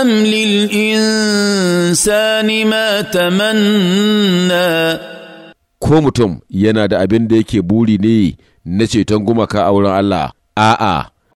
أم للإنسان ما تمنى ko mutum yana da abin da yake buri ne na ceton gumaka a wurin Allah a'a